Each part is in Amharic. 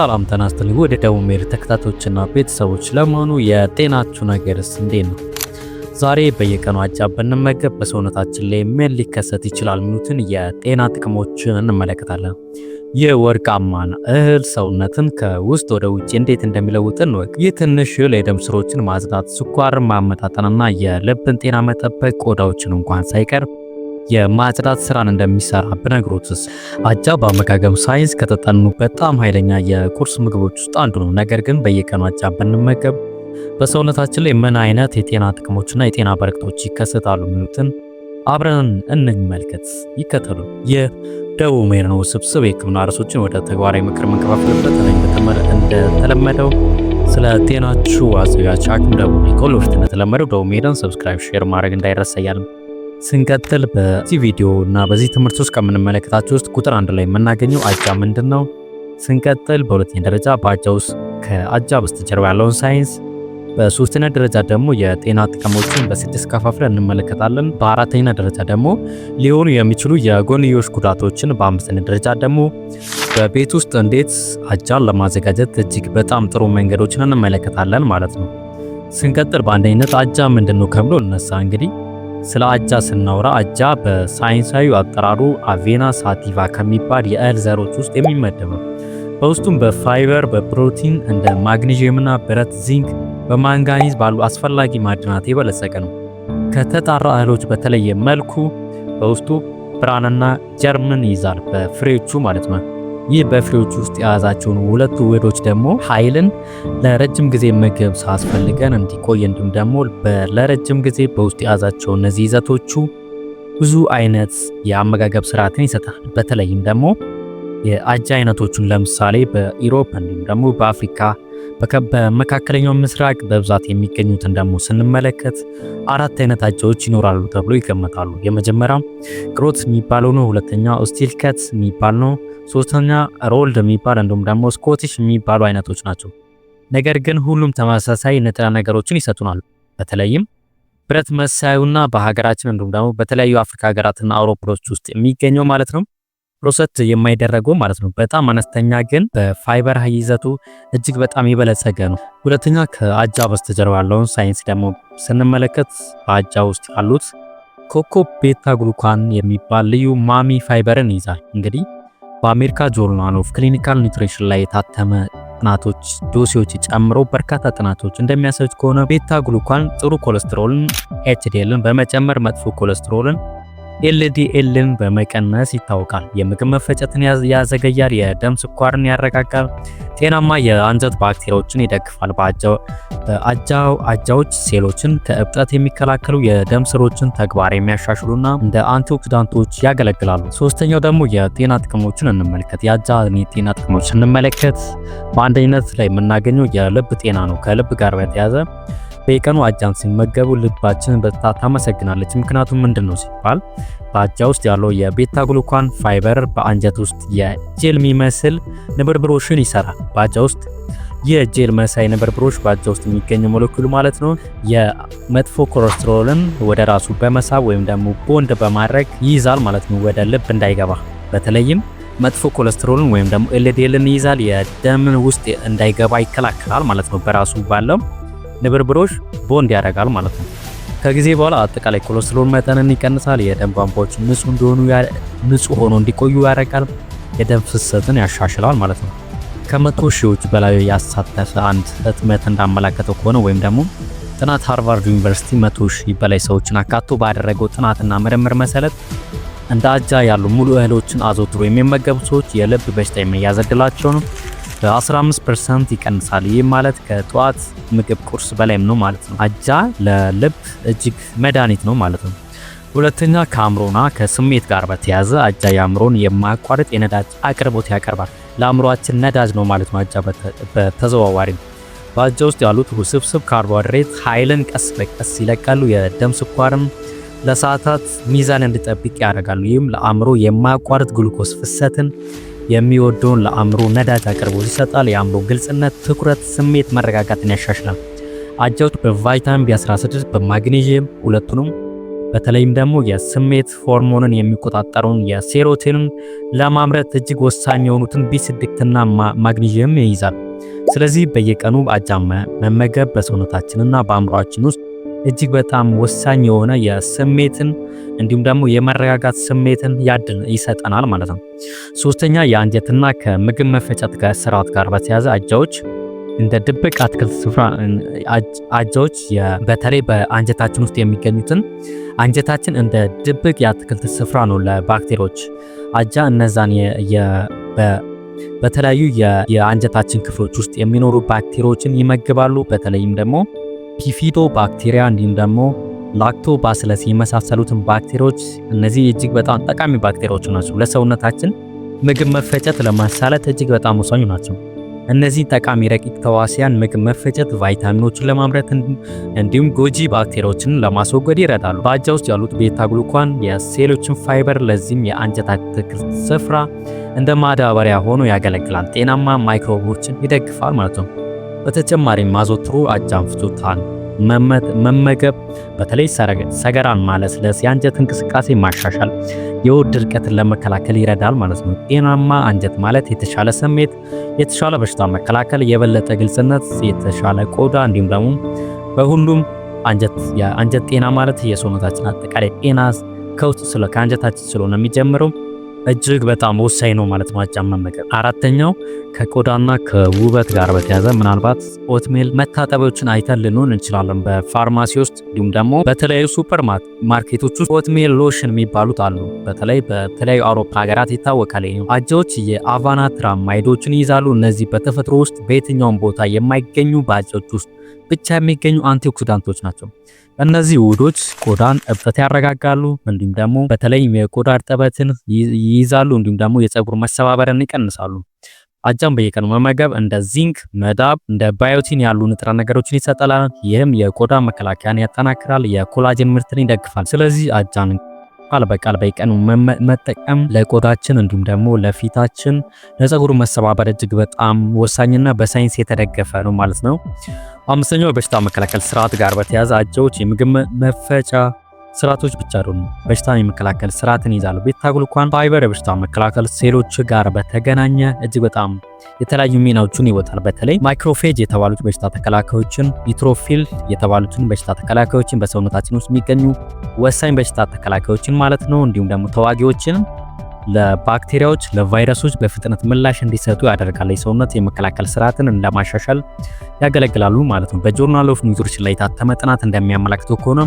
ሰላም ጤና ወደ ደቡብ ሜድ ተከታታዮችና ቤተሰቦች ለመሆኑ የጤናችሁ ነገርስ እንዴት ነው? ዛሬ በየቀኑ አጃ ብንመገብ በሰውነታችን ላይ ምን ሊከሰት ይችላል የሚሉትን የጤና ጥቅሞችን እንመለከታለን። የወርቃማን እህል ሰውነትን ከውስጥ ወደ ውጭ እንዴት እንደሚለውጥ እንወቅ። ይህ ትንሽ እህል የደም ስሮችን ማጽዳት፣ ስኳር ማመጣጠንና የልብን ጤና መጠበቅ፣ ቆዳዎችን እንኳን ሳይቀር የማጽዳት ስራን እንደሚሰራ ብነግሮትስ? አጃ በአመጋገብ ሳይንስ ከተጠኑ በጣም ኃይለኛ የቁርስ ምግቦች ውስጥ አንዱ ነው። ነገር ግን በየቀኑ አጃ ብንመገብ በሰውነታችን ላይ ምን አይነት የጤና ጥቅሞችና የጤና በረከቶች ይከሰታሉ የሚሉትን አብረን እንመልከት። ይከተሉ። ይህ ደቡብ ሜድ ነው ስብስብ የህክምና ርዕሶችን ወደ ተግባራዊ ምክር መንከፋፍልበት እንደተለመደው ስለ ጤናችሁ አዘጋጅ ሐኪም ደቡብ ኒኮል ሁሉ እንደተለመደው ደቡብ ሜድን ሰብስክራይብ፣ ሼር ማድረግ እንዳይረሳ እያልን ስንቀጥል በዚህ ቪዲዮ እና በዚህ ትምህርት ውስጥ ከምንመለከታቸው ውስጥ ቁጥር አንድ ላይ የምናገኘው አጃ ምንድን ነው? ስንቀጥል በሁለተኛ ደረጃ በአጃ ውስጥ ከአጃ በስተጀርባ ያለውን ሳይንስ፣ በሶስተኛ ደረጃ ደግሞ የጤና ጥቅሞችን በስድስት ከፋፍለ እንመለከታለን። በአራተኛ ደረጃ ደግሞ ሊሆኑ የሚችሉ የጎንዮሽ ጉዳቶችን፣ በአምስተኛ ደረጃ ደግሞ በቤት ውስጥ እንዴት አጃን ለማዘጋጀት እጅግ በጣም ጥሩ መንገዶችን እንመለከታለን ማለት ነው። ስንቀጥል በአንደኝነት አጃ ምንድን ነው ከብሎ እነሳ እንግዲህ ስለ አጃ ስናወራ አጃ በሳይንሳዊ አጠራሩ አቬና ሳቲቫ ከሚባል የእህል ዘሮች ውስጥ የሚመደብ ነው። በውስጡም በፋይበር፣ በፕሮቲን እንደ ማግኔዥየምና ብረት፣ ዚንክ፣ በማንጋኒዝ ባሉ አስፈላጊ ማዕድናት የበለጸገ ነው። ከተጣራ እህሎች በተለየ መልኩ በውስጡ ብራንና ጀርምን ይይዛል፣ በፍሬዎቹ ማለት ነው። ይህ በፍሬዎች ውስጥ የያዛቸውን ሁለቱ ውህዶች ደግሞ ኃይልን ለረጅም ጊዜ ምግብ ሳስፈልገን እንዲቆይ እንዲሁም ደግሞ ለረጅም ጊዜ በውስጥ የያዛቸው እነዚህ ይዘቶቹ ብዙ አይነት የአመጋገብ ስርዓትን ይሰጣል። በተለይም ደግሞ የአጃ አይነቶቹን ለምሳሌ በኢሮፕ እንዲሁም ደግሞ በአፍሪካ በመካከለኛው ምስራቅ በብዛት የሚገኙትን ደግሞ ስንመለከት አራት አይነት አጃዎች ይኖራሉ ተብሎ ይገመታሉ። የመጀመሪያው ቅሮት የሚባለው ነው። ሁለተኛው ስቲልከት የሚባል ነው። ሶስተኛ ሮልድ የሚባል እንዲሁም ደግሞ ስኮቲሽ የሚባሉ አይነቶች ናቸው። ነገር ግን ሁሉም ተመሳሳይ ንጥረ ነገሮችን ይሰጡናል። በተለይም ብረት መሳዩና በሀገራችን እንዲሁም ደግሞ በተለያዩ አፍሪካ ሀገራትና አውሮፓዎች ውስጥ የሚገኘው ማለት ነው ፕሮሰት የማይደረገው ማለት ነው። በጣም አነስተኛ ግን በፋይበር ይዘቱ እጅግ በጣም የበለጸገ ነው። ሁለተኛ ከአጃ በስተጀርባ ያለውን ሳይንስ ደግሞ ስንመለከት በአጃ ውስጥ ያሉት ኮኮ ቤታ ግሉካን የሚባል ልዩ ማሚ ፋይበርን ይዛል እንግዲህ በአሜሪካ ጆርናል ኦፍ ክሊኒካል ኒውትሪሽን ላይ የታተመ ጥናቶች ዶሴዎች ጨምሮ በርካታ ጥናቶች እንደሚያሳዩት ከሆነ ቤታ ግሉካን ጥሩ ኮሌስትሮልን ኤችዲኤልን በመጨመር መጥፎ ኮሌስትሮልን ኤልዲኤልን በመቀነስ ይታወቃል። የምግብ መፈጨትን ያዘገያል፣ የደም ስኳርን ያረጋጋል፣ ጤናማ የአንጀት ባክቴሪያዎችን ይደግፋል፣ አጃዎች ሴሎችን ከእብጠት የሚከላከሉ የደም ስሮችን ተግባር የሚያሻሽሉና እንደ አንቲኦክሲዳንቶች ያገለግላሉ። ሶስተኛው ደግሞ የጤና ጥቅሞችን እንመልከት። የአጃ ጤና ጥቅሞች ስንመለከት በአንደኝነት ላይ የምናገኘው የልብ ጤና ነው። ከልብ ጋር በተያያዘ በየቀኑ አጃን ሲመገቡ ልባችን በጣታ ታመሰግናለች። ምክንያቱም ምንድን ነው ሲባል በአጃ ውስጥ ያለው የቤታ ግሉካን ፋይበር በአንጀት ውስጥ የጄል የሚመስል ንብርብሮሽን ይሰራል። በአጃ ውስጥ የጄል መሳይ ንብርብሮች በአጃ ውስጥ የሚገኙ ሞለኪሉ ማለት ነው የመጥፎ ኮሌስትሮልን ወደ ራሱ በመሳብ ወይም ደግሞ ቦንድ በማድረግ ይይዛል ማለት ነው ወደ ልብ እንዳይገባ በተለይም መጥፎ ኮሌስትሮልን ወይም ደግሞ ኤልዲኤልን ይይዛል። የደምን ውስጥ እንዳይገባ ይከላከላል ማለት ነው በራሱ ባለው ንብርብሮች ቦንድ ያደርጋል ማለት ነው። ከጊዜ በኋላ አጠቃላይ ኮሌስትሮል መጠንን ይቀንሳል። የደም ቧንቧዎች ንጹህ እንዲሆኑ ንጹህ ሆኖ እንዲቆዩ ያደርጋል። የደም ፍሰትን ያሻሽላል ማለት ነው። ከመቶ ሺዎች በላይ ያሳተፈ አንድ ህትመት እንዳመላከተው ከሆነ ወይም ደግሞ ጥናት ሃርቫርድ ዩኒቨርሲቲ መቶ ሺህ በላይ ሰዎችን አካቶ ባደረገው ጥናትና ምርምር መሰረት እንደ አጃ ያሉ ሙሉ እህሎችን አዘውትሮ የሚመገቡ ሰዎች የልብ በሽታ የመያዝ እድላቸው ነው 15 ፐርሰንት ይቀንሳል። ይህ ማለት ከጠዋት ምግብ ቁርስ በላይም ነው ማለት ነው። አጃ ለልብ እጅግ መድኃኒት ነው ማለት ነው። ሁለተኛ ከአእምሮና ከስሜት ጋር በተያያዘ አጃ የአእምሮን የማያቋርጥ የነዳጅ አቅርቦት ያቀርባል። ለአእምሮአችን ነዳጅ ነው ማለት ነው። አጃ በተዘዋዋሪ በአጃ ውስጥ ያሉት ውስብስብ ካርቦሃይድሬት ኃይልን ቀስ በቀስ ይለቃሉ። የደም ስኳርም ለሰዓታት ሚዛን እንዲጠብቅ ያደርጋሉ። ይህም ለአእምሮ የማያቋርጥ ግሉኮስ ፍሰትን የሚወደውን ለአእምሮ ነዳጅ አቅርቦት ይሰጣል። የአእምሮ ግልጽነት፣ ትኩረት፣ ስሜት መረጋጋትን ያሻሽላል። አጃውት በቫይታሚን ቢ16 በማግኔዥየም ሁለቱንም በተለይም ደግሞ የስሜት ሆርሞንን የሚቆጣጠረውን የሴሮቶኒን ለማምረት እጅግ ወሳኝ የሆኑትን ቢ6ና ይይዛል። ስለዚህ በየቀኑ አጃ መመገብ በሰውነታችንና በአእምሯችን ውስጥ እጅግ በጣም ወሳኝ የሆነ የስሜትን እንዲሁም ደግሞ የመረጋጋት ስሜትን ያድን ይሰጠናል ማለት ነው። ሶስተኛ የአንጀትና ከምግብ መፈጨት ጋር ስርዓት ጋር በተያያዘ አጃዎች እንደ ድብቅ አትክልት ስፍራ አጃዎች በተለይ በአንጀታችን ውስጥ የሚገኙትን አንጀታችን እንደ ድብቅ የአትክልት ስፍራ ነው ለባክቴሪያዎች። አጃ እነዛን በተለያዩ የአንጀታችን ክፍሎች ውስጥ የሚኖሩ ባክቴሪያዎችን ይመግባሉ። በተለይም ደግሞ ፒፊዶ ባክቴሪያ እንዲሁም ደግሞ ላክቶ ባስለስ የመሳሰሉትን ባክቴሪያዎች እነዚህ እጅግ በጣም ጠቃሚ ባክቴሪያዎች ናቸው። ለሰውነታችን ምግብ መፈጨት ለማሳለት እጅግ በጣም ወሳኝ ናቸው። እነዚህ ጠቃሚ ረቂቅ ተዋሲያን ምግብ መፈጨት፣ ቫይታሚኖችን ለማምረት እንዲሁም ጎጂ ባክቴሪያዎችን ለማስወገድ ይረዳሉ። በአጃ ውስጥ ያሉት ቤታ ግሉካን የሴሎችን ፋይበር፣ ለዚህም የአንጀት አትክልት ስፍራ እንደ ማዳበሪያ ሆኖ ያገለግላል። ጤናማ ማይክሮቦችን ይደግፋል ማለት ነው። በተጨማሪም ማዘውትሮ አጃንፍቱታን መመገብ በተለይ ሰገራን ማለስለስ፣ የአንጀት እንቅስቃሴ ማሻሻል የውድ ድርቀትን ለመከላከል ይረዳል ማለት ነው። ጤናማ አንጀት ማለት የተሻለ ስሜት፣ የተሻለ በሽታ መከላከል፣ የበለጠ ግልጽነት፣ የተሻለ ቆዳ እንዲሁም ደግሞ በሁሉም አንጀት የአንጀት ጤና ማለት የሰውነታችን አጠቃላይ ጤና ከውስጥ ከአንጀታችን ስለሆነ የሚጀምረው እጅግ በጣም ወሳኝ ነው ማለት ነው። መመገብ። አራተኛው ከቆዳና ከውበት ጋር በተያዘ ምናልባት ኦትሜል መታጠቢያዎችን አይተን ልንሆን እንችላለን በፋርማሲ ውስጥ እንዲሁም ደግሞ በተለያዩ ሱፐር ማርኬቶች ውስጥ ኦትሜል ሎሽን የሚባሉት አሉ። በተለይ በተለያዩ አውሮፓ ሀገራት ይታወቃል። አጃዎች የአቫናትራ ማይዶችን ይይዛሉ። እነዚህ በተፈጥሮ ውስጥ በየትኛውም ቦታ የማይገኙ በአጃዎች ውስጥ ብቻ የሚገኙ አንቲኦክሲዳንቶች ናቸው። እነዚህ ውህዶች ቆዳን እብጠት ያረጋጋሉ፣ እንዲሁም ደግሞ በተለይ የቆዳ እርጥበትን ይይዛሉ፣ እንዲሁም ደግሞ የፀጉር መሰባበርን ይቀንሳሉ። አጃም በየቀኑ መመገብ እንደ ዚንክ፣ መዳብ፣ እንደ ባዮቲን ያሉ ንጥረ ነገሮችን ይሰጠላል። ይህም የቆዳ መከላከያን ያጠናክራል፣ የኮላጅን ምርትን ይደግፋል። ስለዚህ አጃን ቃል በቃል በየቀኑ መጠቀም ለቆዳችን እንዲሁም ደግሞ ለፊታችን ለፀጉሩ መሰባበር እጅግ በጣም ወሳኝና በሳይንስ የተደገፈ ነው ማለት ነው። አምስተኛው በሽታ መከላከል ስርዓት ጋር በተያያዘ አጃዎች የምግብ መፈጫ ስርዓቶች ብቻ አይደሉም በሽታን የመከላከል ስርዓትን ይዛሉ። ቤታ ግሉካን ፋይበር የበሽታ መከላከል ሴሎች ጋር በተገናኘ እጅግ በጣም የተለያዩ ሚናዎችን ይወጣል። በተለይ ማይክሮፌጅ የተባሉት በሽታ ተከላካዮችን፣ ኒትሮፊል የተባሉትን በሽታ ተከላካዮችን፣ በሰውነታችን ውስጥ የሚገኙ ወሳኝ በሽታ ተከላካዮችን ማለት ነው። እንዲሁም ደግሞ ተዋጊዎችን ለባክቴሪያዎች፣ ለቫይረሶች በፍጥነት ምላሽ እንዲሰጡ ያደርጋል። የሰውነት የመከላከል ስርዓትን እንደማሻሻል ያገለግላሉ ማለት ነው። በጆርናል ኦፍ ኒውትሪሽን ላይ የታተመ ጥናት እንደሚያመላክተው ከሆነ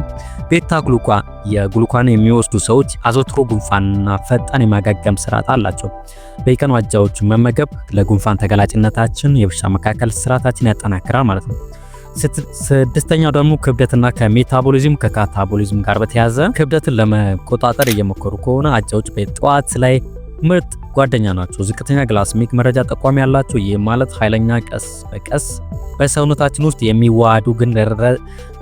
ቤታ ግሉኳ የግሉኳን የሚወስዱ ሰዎች አዘውትሮ ጉንፋንና ፈጣን የማጋገም ስርዓት አላቸው። በየቀኑ አጃዎችን መመገብ ለጉንፋን ተጋላጭነታችን፣ የበሽታ መከላከል ስርዓታችን ያጠናክራል ማለት ነው። ስድስተኛው ደግሞ ክብደትና ከሜታቦሊዝም ከካታቦሊዝም ጋር በተያያዘ ክብደትን ለመቆጣጠር እየሞከሩ ከሆነ አጫዎች በጠዋት ላይ ምርጥ ጓደኛ ናቸው። ዝቅተኛ ግላስሚክ መረጃ ጠቋሚ ያላቸው፣ ይህ ማለት ኃይለኛ ቀስ በቀስ በሰውነታችን ውስጥ የሚዋሃዱ ግን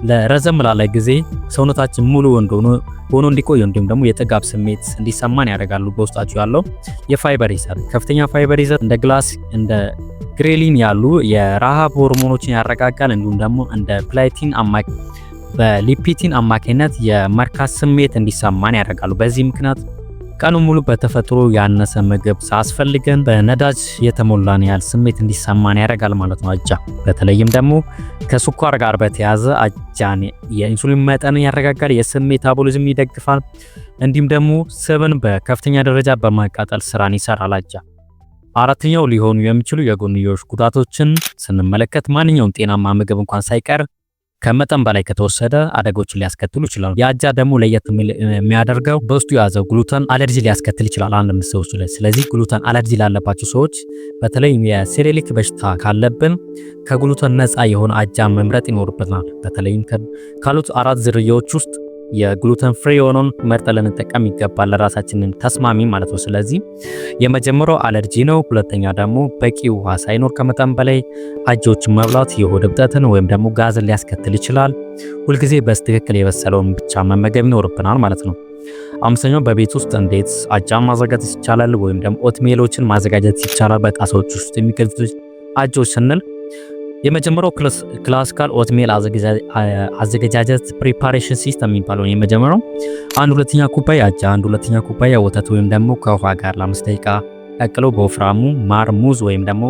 ለረዘም ላለ ጊዜ ሰውነታችን ሙሉ እንደሆነ ሆኖ እንዲቆይ እንዲሁም ደግሞ የጥጋብ ስሜት እንዲሰማን ያደርጋሉ። በውስጣቸው ያለው የፋይበር ይዘት ከፍተኛ ፋይበር ይዘት እንደ ግላስ እንደ ግሬሊን ያሉ የረሃብ ሆርሞኖችን ያረጋጋል። እንዲሁም ደግሞ እንደ ፕላቲን አማካ በሊፒቲን አማካኝነት የመርካት ስሜት እንዲሰማን ያደርጋሉ። በዚህ ምክንያት ቀኑ ሙሉ በተፈጥሮ ያነሰ ምግብ ሳያስፈልገን በነዳጅ የተሞላን ያህል ስሜት እንዲሰማን ያደርጋል ማለት ነው። አጃ በተለይም ደግሞ ከስኳር ጋር በተያያዘ አጃን የኢንሱሊን መጠንን ያረጋጋል፣ የሜታቦሊዝም ይደግፋል። እንዲሁም ደግሞ ስብን በከፍተኛ ደረጃ በማቃጠል ስራን ይሰራል አጃ አራተኛው ሊሆኑ የሚችሉ የጎንዮሽ ጉዳቶችን ስንመለከት ማንኛውም ጤናማ ምግብ እንኳን ሳይቀር ከመጠን በላይ ከተወሰደ አደጋዎችን ሊያስከትሉ ይችላሉ። የአጃ ደግሞ ለየት የሚያደርገው በውስጡ የያዘው ግሉተን አለርጂ ሊያስከትል ይችላል አንዳንድ ሰዎች ላይ። ስለዚህ ግሉተን አለርጂ ላለባቸው ሰዎች በተለይ የሴሬሊክ በሽታ ካለብን ከግሉተን ነፃ የሆነ አጃ መምረጥ ይኖርብናል። በተለይም ካሉት አራት ዝርያዎች ውስጥ የግሉተን ፍሪ የሆነውን መርጠ ልንጠቀም ይገባል፣ ለራሳችንን ተስማሚ ማለት ነው። ስለዚህ የመጀመሪያው አለርጂ ነው። ሁለተኛ ደግሞ በቂ ውሃ ሳይኖር ከመጠን በላይ አጆች መብላት የሆድ እብጠትን ወይም ደግሞ ጋዝን ሊያስከትል ይችላል። ሁልጊዜ በስትክክል የበሰለውን ብቻ መመገብ ይኖርብናል ማለት ነው። አምስተኛው በቤት ውስጥ እንዴት አጃን ማዘጋጀት ይቻላል ወይም ደግሞ ኦትሜሎችን ማዘጋጀት ይቻላል። በጣሳዎች ውስጥ የሚገዙት አጆች ስንል የመጀመሪያው ክላሲካል ኦትሜል አዘገጃጀት ፕሪፓሬሽን ሲስተም የሚባለው የመጀመሪያው አንድ ሁለተኛ ኩባያ አጃ፣ አንድ ሁለተኛ ኩባያ ወተት ወይም ደግሞ ከውሃ ጋር ለአምስት ደቂቃ ቀቅሎ በወፍራሙ ማር፣ ሙዝ ወይም ደግሞ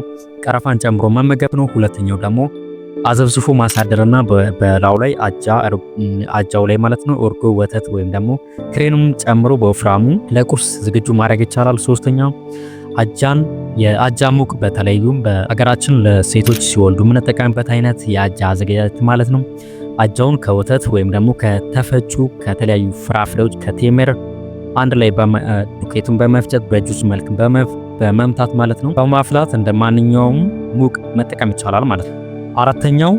ቀረፋን ጨምሮ መመገብ ነው። ሁለተኛው ደግሞ አዘብዝፎ ማሳደርና በላዩ ላይ አጃው ላይ ማለት ነው እርጎ፣ ወተት ወይም ደግሞ ክሬኑም ጨምሮ በወፍራሙ ለቁርስ ዝግጁ ማድረግ ይቻላል። ሶስተኛው አጃን የአጃ ሙቅ በተለይም በሀገራችን ለሴቶች ሲወልዱ የምንጠቀምበት አይነት የአጃ አዘገጃጀት ማለት ነው። አጃውን ከወተት ወይም ደግሞ ከተፈጩ ከተለያዩ ፍራፍሬዎች ከቴምር አንድ ላይ ዱቄቱን በመፍጨት በጁስ መልክ በመምታት ማለት ነው በማፍላት እንደ ማንኛውም ሙቅ መጠቀም ይቻላል ማለት ነው። አራተኛው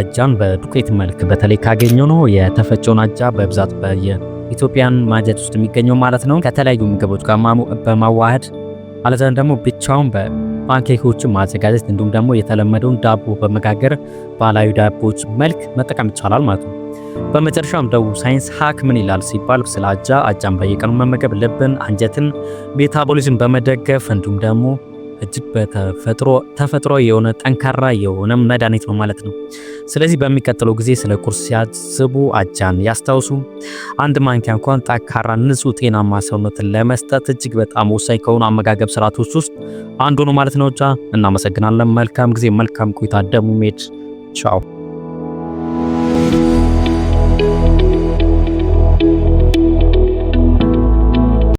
አጃን በዱቄት መልክ በተለይ ካገኘ ነው የተፈጨውን አጃ በብዛት በየኢትዮጵያን ማጀት ውስጥ የሚገኘው ማለት ነው ከተለያዩ ምግቦች ጋር በማዋሃድ አለዛን ደግሞ ብቻውን በፓንኬኮችን ማዘጋጀት እንዲሁም ደግሞ የተለመደውን ዳቦ በመጋገር ባህላዊ ዳቦዎች መልክ መጠቀም ይቻላል ማለት ነው። በመጨረሻም ደቡብ ሳይንስ ሀክ ምን ይላል ሲባል ስለ አጃ አጃን በየቀኑ መመገብ ልብን፣ አንጀትን፣ ሜታቦሊዝም በመደገፍ እንዲሁም ደግሞ እጅግ በተፈጥሮ ተፈጥሮ የሆነ ጠንካራ የሆነ መድኃኒት ነው ማለት ነው። ስለዚህ በሚቀጥለው ጊዜ ስለ ቁርስ ሲያስቡ አጃን ያስታውሱ። አንድ ማንኪያ እንኳን ጠንካራ ንጹህ፣ ጤናማ ሰውነትን ለመስጠት እጅግ በጣም ወሳኝ ከሆኑ አመጋገብ ስርዓት ውስጥ አንዱ ነው ማለት ነው። ቻ እናመሰግናለን። መልካም ጊዜ፣ መልካም ቆይታ። ደሙ ሜድ ቻው።